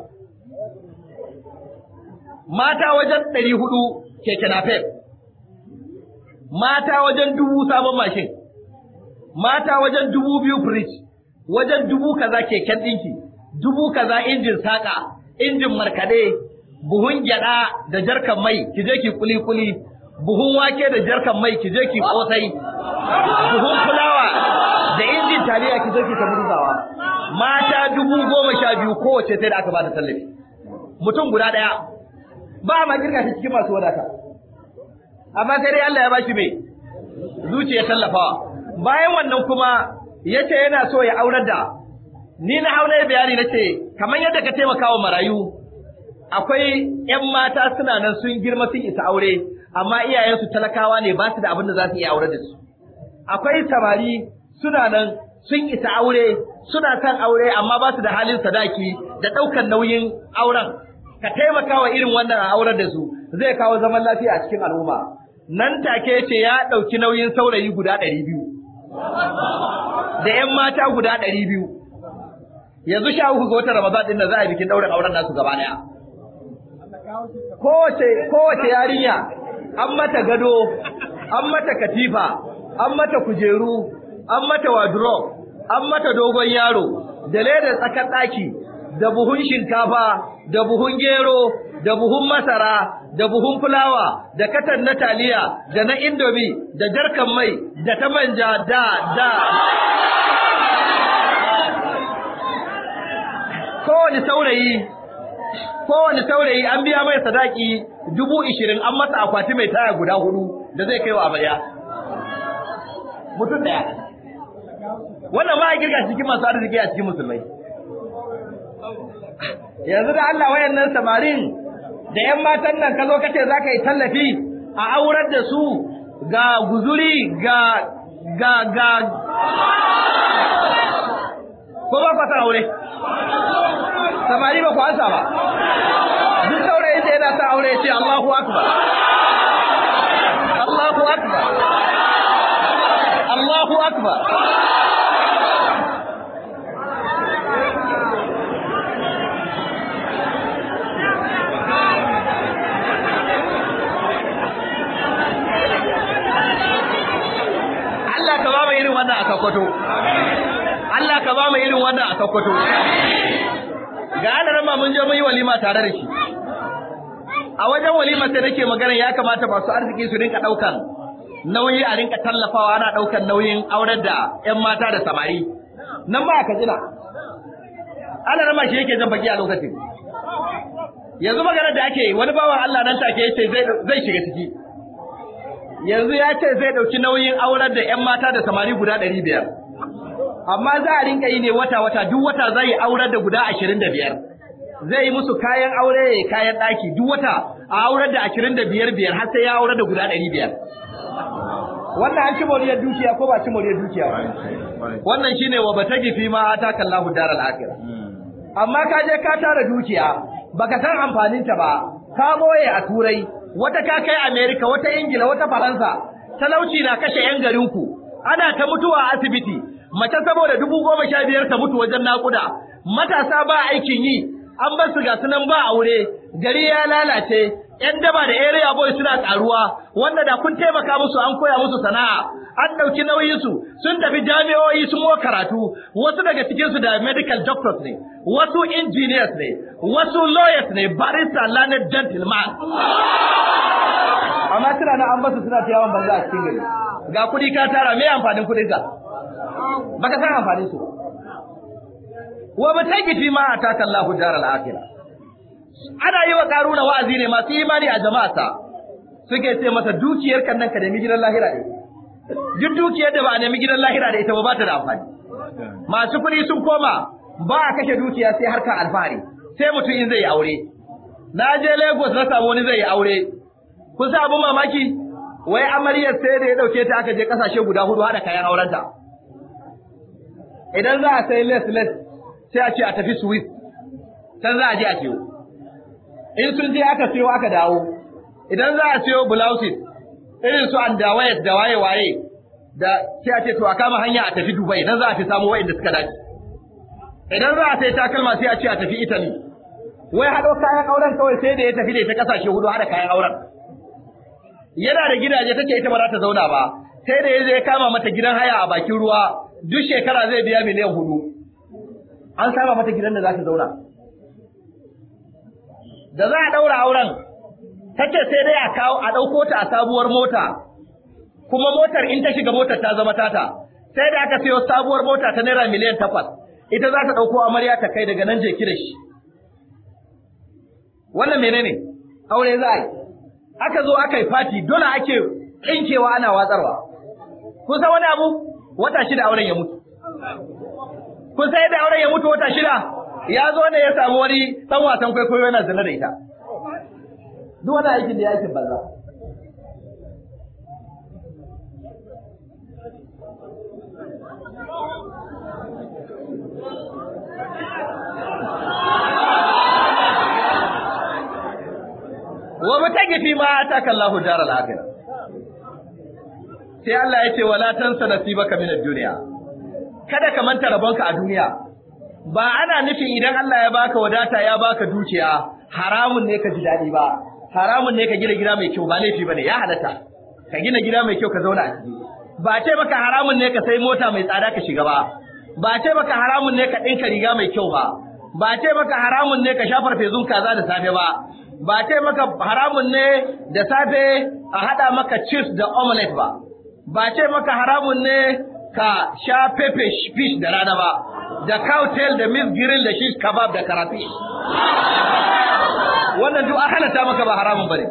mata wajen ɗari hudu keke mata wajen dubu sabon mashin mata wajen dubu biyu firij, wajen dubu kaza keken ɗinki dubu kaza injin saƙa injin markaɗe buhun gyaɗa da jarkan mai ki je ki kuli kuli buhun wake da jarkan mai ki je ki kosai buhun fulawa da shari'a ki zaki ta murzawa mata dubu goma sha biyu kowace sai da aka bada tallafi mutum guda daya ba ma girka ta cikin masu wadata amma sai dai Allah ya bashi mai zuciya tallafawa bayan wannan kuma yace yana so ya aurar da ni na aure bayani nace kamar yadda ka taimaka wa marayu akwai 'yan mata suna nan sun girma sun isa aure amma iyayensu talakawa ne ba su da abin da za su iya aure da su akwai samari suna nan sun isa aure suna son aure amma ba su da halin sadaki da ɗaukar nauyin auren ka taimaka wa irin wannan auren da su zai kawo zaman lafiya a cikin al'umma nan take ce ya ɗauki nauyin saurayi guda ɗari biyu da ‘yan mata guda ɗari biyu yanzu sha uku ga watan Ramadan ɗin da za a yi bikin ɗaurin auren nasu gaba ɗaya kowace yarinya an mata gado an mata katifa an mata kujeru an mata wardrobe an mata dogon yaro da ledar tsakar ɗaki da buhun shinkafa da buhun gero da buhun masara da buhun fulawa da katan na taliya da na indomi da jarkan mai da ta manja da da kowane saurayi kowane saurayi an biya mai sadaki dubu ishirin an masa akwati mai taya guda hudu da zai kai wa abaya mutum daya wannan ba a girka cikin masu arziki a cikin musulmai yanzu da Allah wayannan samarin da yan matan nan ka zo ka ce zaka yi tallafi a aurar da su ga guzuri ga ga ga ko ba ku san aure samari ba ku ansa ba duk saurayi sai yana sa aure sai Allahu akbar Allahu akbar Allahu akbar wannan a Sokoto Allah ka ba mu irin wannan a Sokoto ga alarma mun je mun yi walima tare da shi a wajen walima sai nake magana ya kamata masu arziki su rinka daukar nauyi a rinka tallafawa ana daukar nauyin aurar da ƴan mata da samari nan ba ka jira ma shi yake jan baki a lokacin yanzu maganar da ake wani bawan Allah nan take yace zai zai shiga ciki yanzu ya ce zai ɗauki nauyin aurar da ‘yan mata da samari guda ɗari biyar. Amma za a rinka yi ne wata-wata duk wata za yi aurar da guda ashirin da biyar. Zai yi musu kayan aure ya kayan ɗaki duk wata a aurar da ashirin da biyar biyar har sai ya aurar da guda ɗari biyar. Wannan an ci moriyar dukiya ko ba ci moriyar dukiya ba. Wannan shine wa bata gifi ma ta kallahu daral akhirah. Amma ka je ka tara dukiya baka san amfaninta ba ka boye a turai wata ka kai Amerika, wata Ingila, wata Faransa, talauci na kashe ‘yan garinku, ana ta mutuwa a asibiti, mace saboda dubu goma sha biyar ta mutu wajen naƙuda, matasa ba aikin yi, an ba su ga sunan ba aure, gari ya lalace yan daba da area boy suna karuwa wanda da kun taimaka musu an koya musu sana'a an dauki nauyin su sun tafi jami'o'i sun wo karatu wasu daga cikin su da medical doctors ne wasu engineers ne wasu lawyers ne barista learned gentleman amma kira na an basu suna tiyawan banza a cikin gari ga kudi ka tara me amfanin kudin ka baka san amfanin su wa fi ma ta Allahu jaral akhirah ana yi wa karuna wa'azi ne masu imani a jama'ata suke ce masa dukiyar kan nan ka nemi gidan lahira ne duk dukiyar da ba a nemi gidan lahira da ita ba ba ta da amfani masu kuɗi sun koma ba a kashe dukiya sai harkar alfahari sai mutum in zai yi aure na je Lagos na samu wani zai yi aure kun sa abin mamaki wai amaryar sai da ya dauke ta aka je kasashe guda hudu hada kayan aurenta idan za a sai les-les sai a ce a tafi Swiss can za a je a ciwo in sun je aka siyo aka dawo idan za a siyo blouses irin su an da waye waye da sai a ce to a kama hanya a tafi Dubai idan za a fi samu wayanda suka dace idan za a sai takalma sai a ce a tafi Italy wai haɗo kayan auren kawai sai da ya tafi da ita kasashe hudu haɗa kayan auren yana da gidaje take ita ba za ta zauna ba sai da ya kama mata gidan haya a bakin ruwa duk shekara zai biya miliyan hudu an sama mata gidan da za ta zauna da za a ɗaura auren ta ce sai dai a kawo a ɗauko ta a sabuwar mota kuma motar in ta shiga motar ta zama tata sai da aka sayo sabuwar mota ta naira miliyan takwas ita za ta ɗauko amarya ta kai daga nan jeki da shi wannan menene aure za a yi aka zo aka yi fati dole ake kinkewa ana watsarwa kun san wani abu wata shida auren ya mutu kun san yadda auren ya mutu wata shida ya zo ne ya samu wani dan wasan kwaikwayo yana zina da ita duk wani aikin da ya aikin banza wa ta fi ma ataka Allahu daral akhirah sai Allah ya ce wala tansa nasibaka min ad-dunya kada ka manta rabonka a duniya ba ana nufin idan Allah ya baka wadata ya baka dukiya haramun ne ka ji daɗi ba haramun ne ka gina gida mai kyau ba laifi bane ya halatta ka gina gida mai kyau ka zauna a ciki ba ce maka haramun ne ka sai mota mai tsada ka shiga ba ba ce maka haramun ne ka ɗinka riga mai kyau ba ba ce maka haramun ne ka shafar fezun kaza da safe ba ba ce maka haramun ne da safe a haɗa maka chips da omelette ba ba ce maka haramun ne ka sha pepe fish da rana ba da cowtail da miss grill da shish kebab da karafi wannan duk an halatta maka ba haramun bane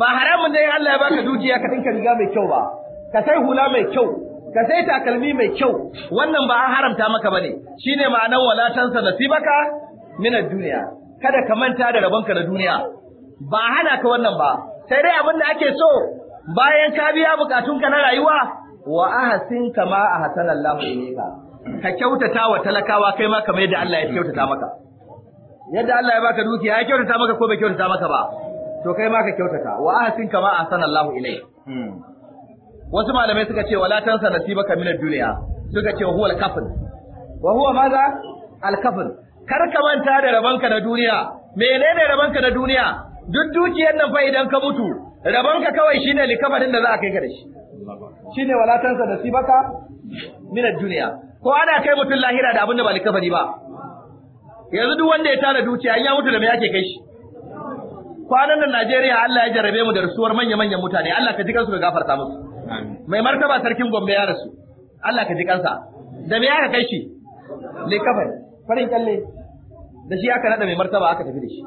ba haramun dai Allah ya baka dukiya ka dinka riga mai kyau ba ka sai hula mai kyau ka sai takalmi mai kyau wannan ba an haramta maka bane shine ma'anar wala tansa nasibaka min ad-dunya kada ka manta da rabonka da duniya ba hana ka wannan ba sai dai abin da ake so bayan ka biya bukatunka na rayuwa wa ahsin kama ahsanallahu ilayka ka kyautata wa talakawa kai ma kamar yadda Allah ya kyautata maka yadda Allah ya baka dukiya ya kyautata maka ko bai kyautata maka ba to kai ma ka kyautata wa ahsin kama ahsana Allahu ilayk hmm. wasu malamai suka ce wala tansa nasibaka min ad-dunya suka ce huwa al-kafn wa huwa madha al-kafn kar ka manta da rabanka na duniya menene rabanka na duniya duk dukiyar nan fa idan ka mutu rabanka kawai shine likafarin da za a kai ka da shi shine wala tansa nasibaka min ad-dunya ko ana kai mutum lahira da abin da ba likafani ba yanzu duk wanda ya tara dukiya ya mutu da me yake kai shi kwanan nan Najeriya Allah ya jarabe mu da rasuwar manya-manyan mutane Allah ka ji kansu ka gafarta musu mai martaba sarkin Gombe ya rasu Allah ka ji kansa da me yake kai shi likafani farin kalle da shi aka nada mai martaba aka tafi da shi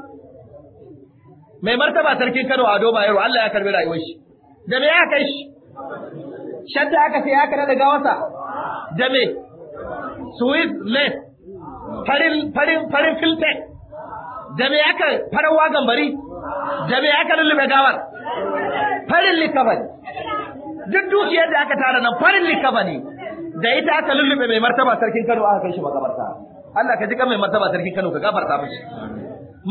mai martaba sarkin Kano Ado Bayero Allah ya karbi rayuwar shi da me yake kai shi shadda aka sai aka nada gawarsa da me swiss lace farin farin farin filtek da me aka farin wagan bari da me aka lullube gawar farin likafani duk dukiyar da aka tara nan farin likafani da ita aka lullube mai martaba sarkin Kano aka kai shi makabarta Allah ka ji kan mai martaba sarkin Kano ka gafarta mishi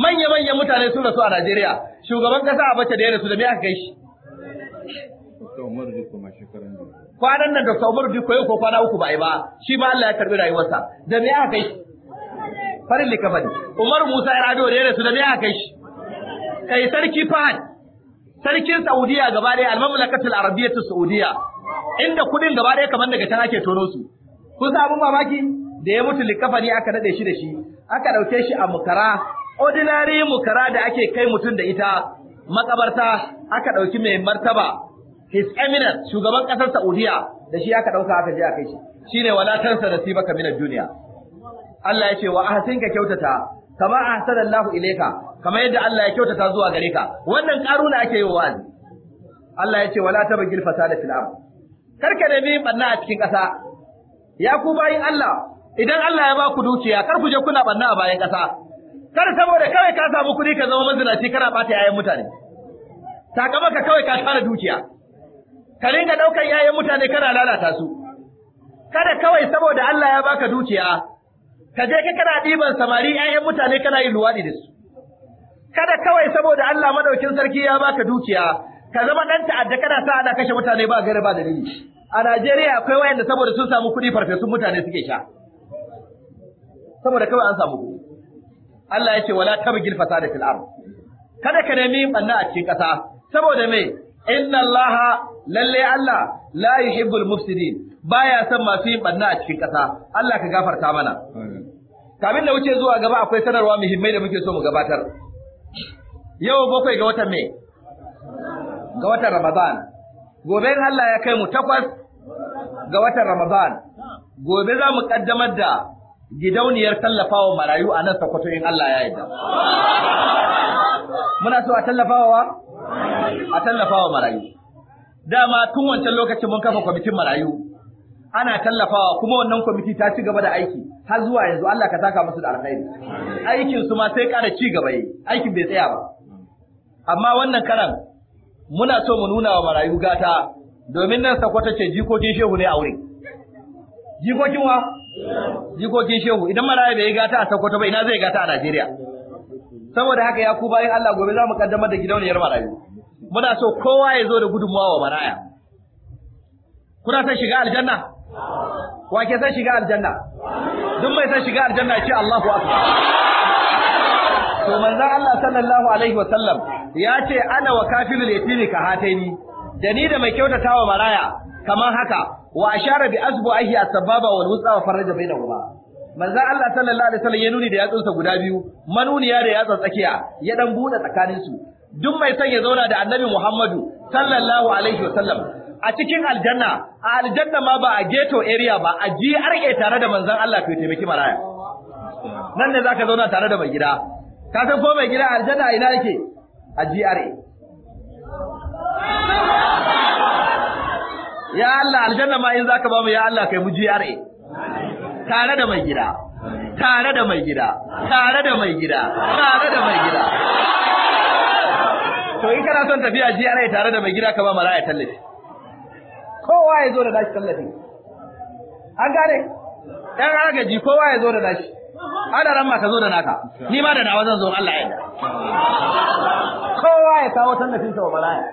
manya manyan mutane sun rasu a Najeriya shugaban kasa a bace da ya rasu da me aka kai shi kwanan nan Dr. Umar Dikko yau ko kwana uku ba ai ba shi ba Allah ya karbi rayuwarsa da me aka kai shi farin bane Umar Musa ya rado da su da me aka kai shi kai sarki Fahad sarkin Saudiya gaba ɗaya al-mamlakatul arabiyyatu Saudiya inda kudin gaba ɗaya kamar daga can ake tono su kun san abun mamaki da ya mutu likafani aka nade shi da shi aka dauke shi a mukara ordinary mukara da ake kai mutum da ita makabarta aka dauki mai martaba his eminence shugaban kasar Saudiya da shi aka dauka aka je a kai shi shine wala tansa baka minad dunya Allah ya ce wa ahsin ka kyautata kama ahsana Allah ilayka kama yadda Allah ya kyautata zuwa gare ka wannan karuna ake yi wa Allah ya ce wala tabgil fasada fil ard karka bi banna a cikin kasa ya ku bayin Allah idan Allah ya ba ku dukiya kar ku je kuna banna a bayan kasa kar saboda kawai ka samu kuɗi ka zama mazinaci kana bata yayan mutane sakamaka kawai ka tara dukiya ka rinka ɗaukar yayan mutane kana lalata su kada kawai saboda Allah ya baka dukiya ka je ka kana ɗiban samari yayan mutane kana yin luwaɗi da su kada kawai saboda Allah madaukin sarki ya baka dukiya ka zama dan ta'adda kana sa ana kashe mutane ba gare ba dalili a Najeriya akwai wayanda saboda sun samu kuɗi farfesun mutane suke sha saboda kawai an samu kuɗi Allah ya ce wala tabgil fasada fil ard kada ka nemi banna a cikin kasa saboda me inna Allah lalle Allah la yuhibbul mufsidin baya son masu yin barna a cikin ƙasa Allah ka gafarta mana kamin da wuce zuwa gaba akwai sanarwa muhimmai da muke so mu gabatar yau bakwai ga watan me ga watan Ramadan gobe in Allah ya kai mu takwas ga watan Ramadan gobe za mu kaddamar da gidauniyar tallafawa marayu a nan Sokoto in Allah ya yarda muna so a tallafawa a tallafawa marayu dama tun wancan lokacin mun kafa kwamitin marayu ana tallafawa kuma wannan kwamiti ta ci gaba da aiki har zuwa yanzu Allah ka saka musu da alkhairi aikin su ma sai ƙara ci gaba yi aikin bai tsaya ba amma wannan karan muna so mu nuna wa marayu gata domin nan sakwata ce jikokin shehu ne a wurin. jikokin wa jikokin shehu idan marayu bai gata a sakwata ba ina zai gata a Najeriya saboda haka ya ku bayan Allah gobe za mu kaddamar da gidauniyar marayu muna so kowa ya zo da gudunmawa wa maraya kuna san shiga aljanna wa ke san shiga aljanna duk mai san shiga aljanna ce Allahu akbar to manzon Allah sallallahu alaihi wa sallam ya ce ana wa kafirul yatimi ka hataini da ni da mai kyautata wa maraya kamar haka wa ashara bi asbu'ahi ahi asbaba wal wusa wa faraja bainahuma manzo Allah sallallahu alaihi wa sallam ya nuni da yatsunsa guda biyu manuniya da yatsa tsakiya ya dan bude tsakanin su duk mai son ya zauna da annabi Muhammadu sallallahu alaihi wasallam a cikin aljanna a aljanna ma ba a ghetto area ba a GRA tare da manzon Allah to taimaki maraya nan ne zaka zauna tare da mai gida ka san ko mai gida aljanna a ina yake a GRA ya Allah aljanna ma in zaka ba mu ya Allah kai mu GRA tare da mai gida tare da mai gida tare da mai gida tare da mai gida to in kana son tafiya ji ana tare da mai gida ka ba maraya tallafi kowa ya zo da dashi tallafi an gane ɗan agaji kowa ya zo da dashi. ana ran ka zo da naka ni ma da nawa zan zo Allah ya kowa ya kawo tallafinsa wa maraya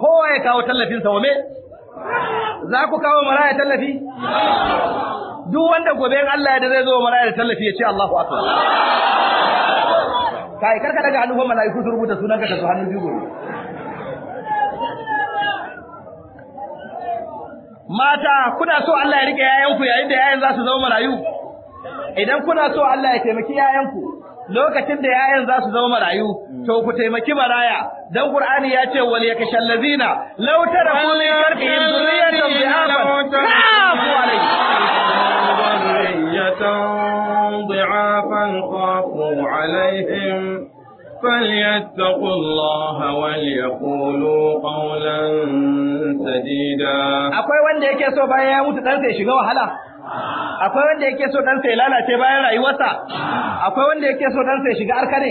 kowa ya kawo tallafinsa wa me za ku kawo maraya tallafi duk wanda gobe Allah ya da zai zo maraya da tallafi ya ce Allahu akbar kai karka daga hannu mala'iku su rubuta sunanka ka su hannu jigo gobe mata kuna so Allah ya rike ku yayin da yayan za su zama marayu idan kuna so Allah ya taimaki ya'yan ku lokacin da yayan za su zama marayu to ku taimaki maraya dan Qur'ani ya ce wal yakashal ladina law tarafu min karbi dunyatan bi'afa alayhi ولم خافوا عليهم فليتقوا الله وليقولوا قولا سديدا akwai wanda yake so bayan ya mutu dan sai shiga akwai wanda yake so dan sai lalace bayan rayuwarsa akwai wanda yake so dan sai shiga ne?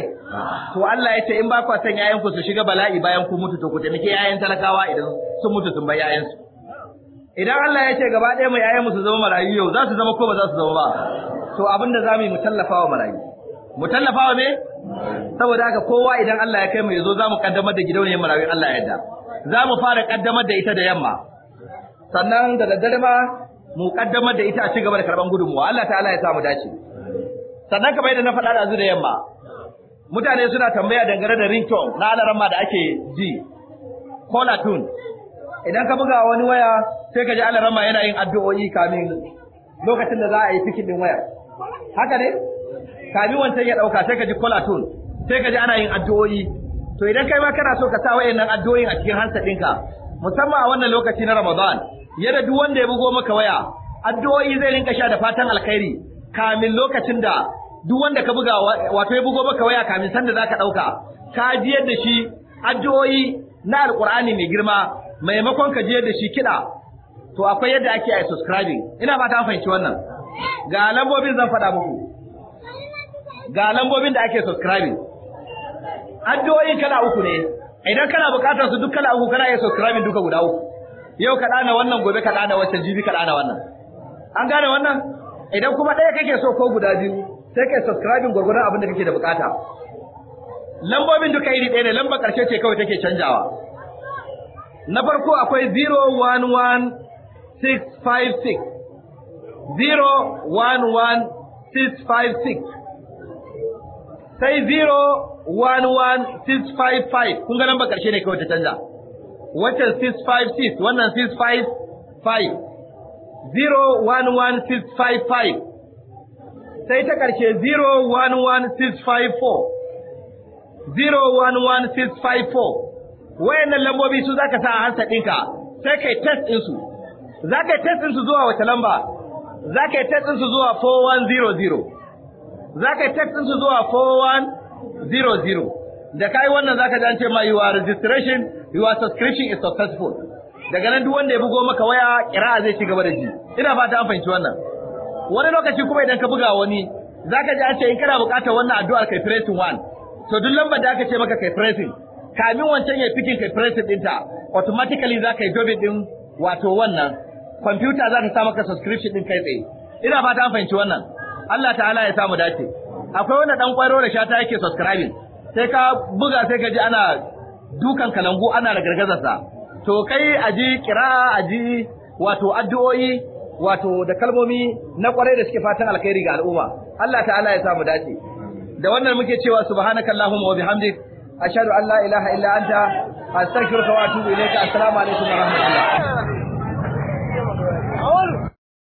to Allah ya ce in ba ku san yayan ku su shiga bala'i bayan ku mutu to ku taimaki yayan talakawa idan sun mutu sun bar yayan su idan Allah ya ce gaba ɗaya mu yayan mu su zama marayu yau za su zama ko ba za su zama ba to abinda zamu yi mu tallafawa marayu mu tallafawa me saboda haka kowa idan Allah ya kai mu yazo zamu kaddamar da gidauniyar marayu Allah ya yarda zamu fara kaddamar da ita da yamma sannan da daddare ma mu kaddamar da ita a ci gaba da karban gudunmuwa Allah ta'ala ya samu dace sannan kamar yadda na faɗa da da yamma mutane suna tambaya dangane da ringtone na alarma da ake ji kola tune idan ka buga wani waya sai ka ji alarama yana yin addu'o'i kamin lokacin da za a yi fikin din wayar haka ne kabi wancan ya dauka sai ka ji kolatun sai ka ji ana yin addu'o'i to idan kai ma kana so ka sa wayannan addu'o'in a cikin hansa ɗinka musamman a wannan lokaci na Ramadan yadda duk wanda ya bugo maka waya addu'o'i zai rinka sha da fatan alkhairi kamin lokacin da duk wanda ka buga wato ya bugo maka waya kamin sanda zaka dauka ka ji yadda shi addu'o'i na alqur'ani mai girma maimakon ka ji yadda shi kida to akwai yadda ake ai subscribing ina fata an fahimci wannan ga lambobin zan faɗa muku ga lambobin da ake subscribing addu'o'in kala uku ne idan kana buƙatar su duk kala uku kana iya subscribing duka guda uku yau ka ɗana wannan gobe ka ɗana wancan jibi ka ɗana wannan an gane wannan idan kuma ɗaya kake so ko guda biyu sai kai subscribing gwargwadon abin da kake da buƙata lambobin duka iri ɗaya ne lambar ƙarshe ce kawai take canjawa na farko akwai 011656 six, sai 011655 kun ga namba ba ƙarshe ne kawai ta canza wancan 656 wannan 655 011655 sai ta ƙarshe 011654 011654 wayannan lambobi su zaka sa a hansa ɗinka sai kai test ɗinsu za ka yi test ɗinsu zuwa wata lamba za ka yi su zuwa 4100 za ka yi su zuwa 4100 da ka yi wannan za ka ce ma yiwa registration yiwa subscription is successful daga nan duk wanda ya bugo maka waya kira zai ci gaba da ji ina fata an fahimci wannan wani lokaci kuma idan ka buga wani za ka ji an ce in kana buƙatar wannan addu'ar kai pressing one to duk lambar da aka ce maka kai pressing kamin wancan ya fikin kai pressing ɗinta automatically za ka yi dobin ɗin wato wannan kwamfuta za ta sa maka subscription din kai tsaye ina fata an fahimci wannan Allah ta'ala ya samu dace akwai wanda ɗan kwairo da shata yake subscribing sai ka buga sai ka ji ana dukan kalangu ana da gargazarsa to kai a aji kira ji wato addu'o'i wato da kalmomi na ƙwarai da suke fatan alkhairi ga al'umma Allah ta'ala ya samu dace da wannan muke cewa subhanakallahumma wa bihamdik ashhadu an la ilaha illa anta astaghfiruka wa atubu ilayka assalamu wa rahmatullah favor.